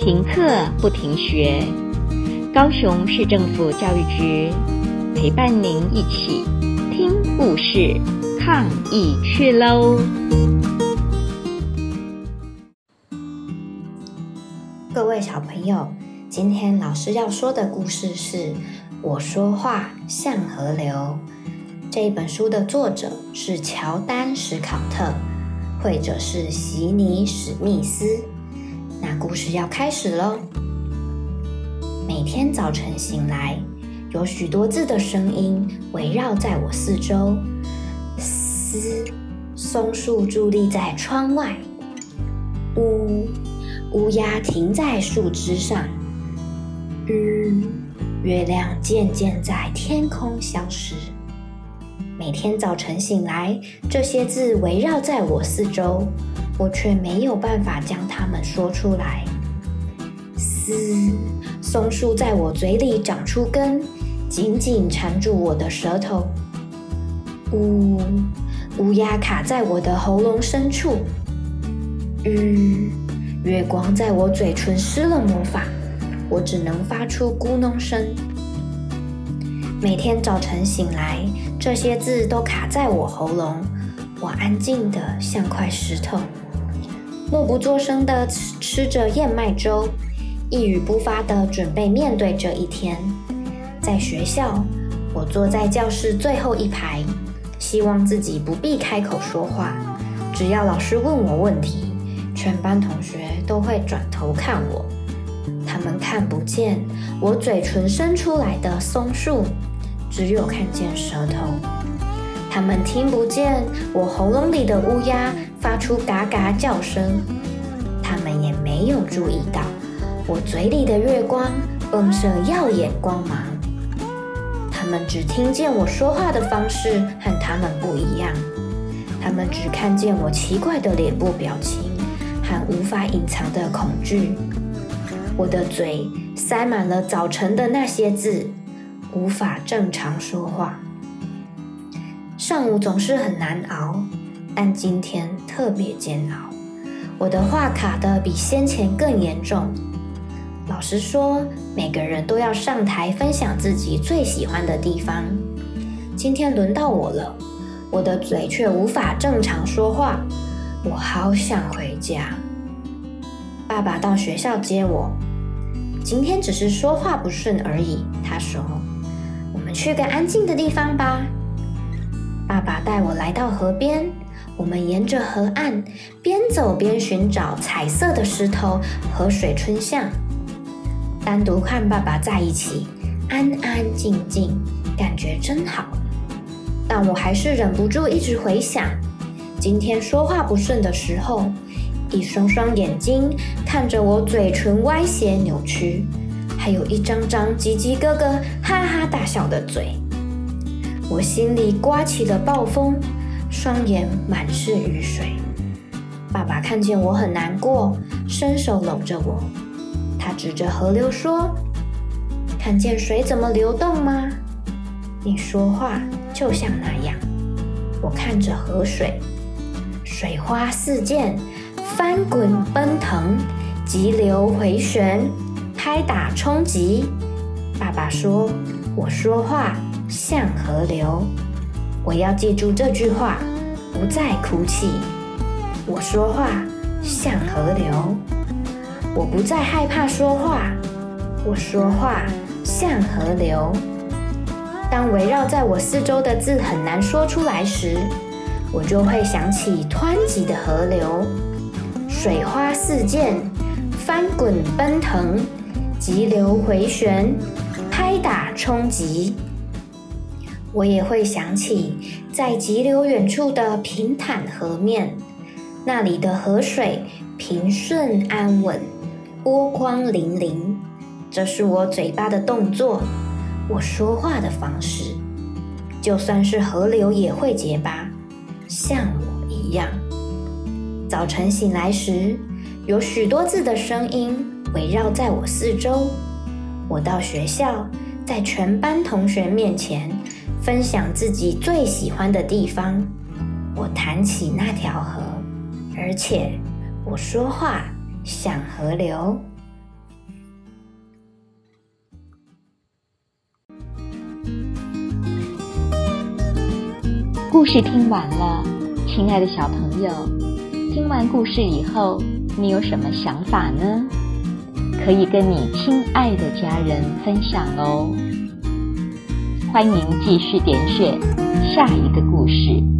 停課不停學，高雄市政府教育局陪伴您一起聽故事、抗疫去嘍！各位小朋友，今天老師要說的故事是《我說話像河流》。這本書的作者是喬丹·史考特，繪者是席尼·史密斯。那故事要開始了。每天早晨醒來，有許多字的聲音圍繞在我四周。嘶，松樹佇立在窗外。嗚，烏鴉停在樹枝上。嗯，月亮漸漸在天空消失。每天早晨醒來，這些字圍繞在我四周。我卻沒有辦法將它們說出來。嘶，松樹在我嘴裡長出根，緊緊纏住我的舌頭。嗚，烏鴉卡在我的喉嚨深處。嗯，月光在我嘴唇施了魔法，我只能發出咕噥聲。每天早晨醒來，這些字都卡在我喉嚨，我安靜的像塊石頭。默不作聲地吃着燕麥粥，一語不發地準備面對這一天。在學校，我坐在教室最後一排，希望自己不必開口說話。只要老師問我問題，全班同學都會轉頭看我。他們看不見我嘴唇伸出來的松樹，只有看見舌頭。他們聽不見我喉嚨裡的烏鴉發出嘎嘎叫聲，他們也沒有注意到我嘴裡的月光迸射耀眼光芒。他們只聽見我說話的方式和他們不一樣，他們只看見我奇怪的臉部表情和無法隱藏的恐懼。我的嘴塞滿了早晨的那些字，無法正常說話。上午總是很難熬，但今天特別煎熬。我的話卡得比先前更嚴重。老師說，每個人都要上台分享自己最喜歡的地方。今天輪到我了，我的嘴卻無法正常說話。我好想回家。爸爸到學校接我。今天只是說話不順而已。他說：“我們去個安靜的地方吧。”爸爸帶我來到河邊，我們沿着河岸邊走邊尋找彩色的石頭和水春像，單獨和爸爸在一起，安安靜靜，感覺真好。但我還是忍不住一直回想，今天說話不順的時候，一雙雙眼睛看着我，嘴唇歪斜扭曲，還有一張張嘰嘰咯咯咯、哈哈大笑的嘴。我心裡颳起了暴風，雙眼滿是雨水。爸爸看見我很難過，伸手摟着我。他指着河流說：“看見水怎麼流動嗎？你說話就像那樣。”我看着河水，水花四濺，翻滾奔騰，急流回旋，拍打衝擊。爸爸說：“我說話。”像河流，我要記住這句話，不再哭泣。我說話像河流，我不再害怕說話。我說話像河流。當圍繞在我四周的字很難說出來時，我就會想起湍急的河流，水花四濺，翻滾奔騰，急流回旋，拍打衝擊。我也會想起，在急流遠處的平坦河面，那裡的河水平順安穩，波光粼粼。這是我嘴巴的動作，我說話的方式。就算是河流也會結巴，像我一樣。早晨醒來時，有許多字的聲音圍繞在我四周。我到學校，在全班同學面前。分享自己最喜歡的地方。我談起那條河，而且我說話像河流。故事聽完了，親愛的小朋友，聽完故事以後，你有什麼想法呢？可以跟你親愛的家人分享哦。歡迎繼續點選下一個故事。